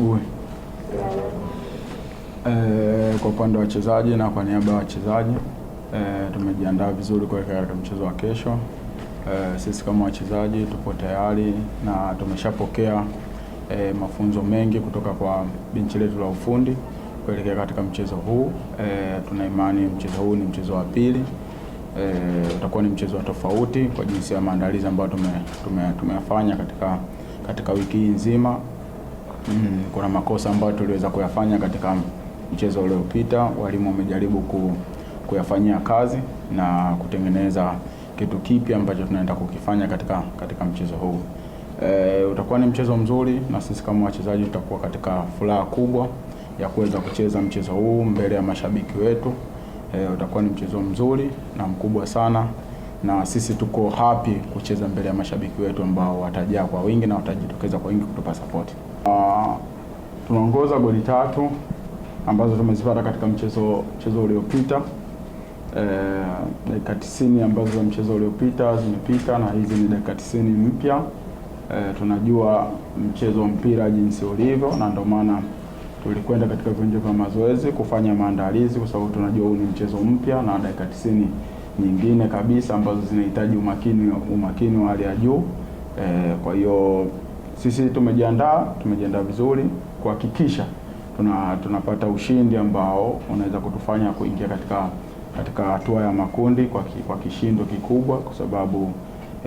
asubuhi e, kwa upande wa wachezaji na kwa niaba ya wachezaji e, tumejiandaa vizuri kuelekea katika mchezo wa kesho. E, sisi kama wachezaji tupo tayari na tumeshapokea e, mafunzo mengi kutoka kwa benchi letu la ufundi kuelekea katika mchezo huu e, tuna imani mchezo huu ni mchezo wa pili e, utakuwa ni mchezo wa tofauti kwa jinsi ya maandalizi ambayo tumeyafanya tume, tume katika, katika wiki hii nzima. Mm, kuna makosa ambayo tuliweza kuyafanya katika mchezo uliopita, walimu wamejaribu ku, kuyafanyia kazi na kutengeneza kitu kipya ambacho tunaenda kukifanya katika, katika mchezo huu. E, utakuwa ni mchezo mzuri na sisi kama wachezaji tutakuwa katika furaha kubwa ya kuweza kucheza mchezo huu mbele ya mashabiki wetu. E, utakuwa ni mchezo mzuri na mkubwa sana na sisi tuko happy kucheza mbele ya mashabiki wetu ambao watajaa kwa wingi na watajitokeza kwa wingi kutupa sapoti. Uh, ah, tunaongoza goli tatu ambazo tumezipata katika mchezo mchezo uliopita eh, dakika e, tisini ambazo za mchezo uliopita zimepita na hizi ni dakika tisini mpya. E, tunajua mchezo wa mpira jinsi ulivyo, na ndio maana tulikwenda katika viwanja vya mazoezi kufanya maandalizi, kwa sababu tunajua huu ni mchezo mpya na dakika tisini nyingine kabisa ambazo zinahitaji umakini umakini wa hali ya juu e, kwa hiyo sisi tumejiandaa tumejiandaa vizuri kuhakikisha tuna, tunapata ushindi ambao unaweza kutufanya kuingia katika katika hatua ya makundi kwa, ki, kwa kishindo kikubwa kwa sababu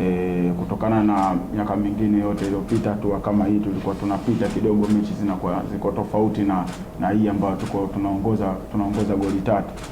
e, kutokana na miaka mingine yote iliyopita hatua kama hii tulikuwa tunapita kidogo, mechi zinakuwa ziko tofauti na na hii ambayo tuko tunaongoza tunaongoza goli tatu.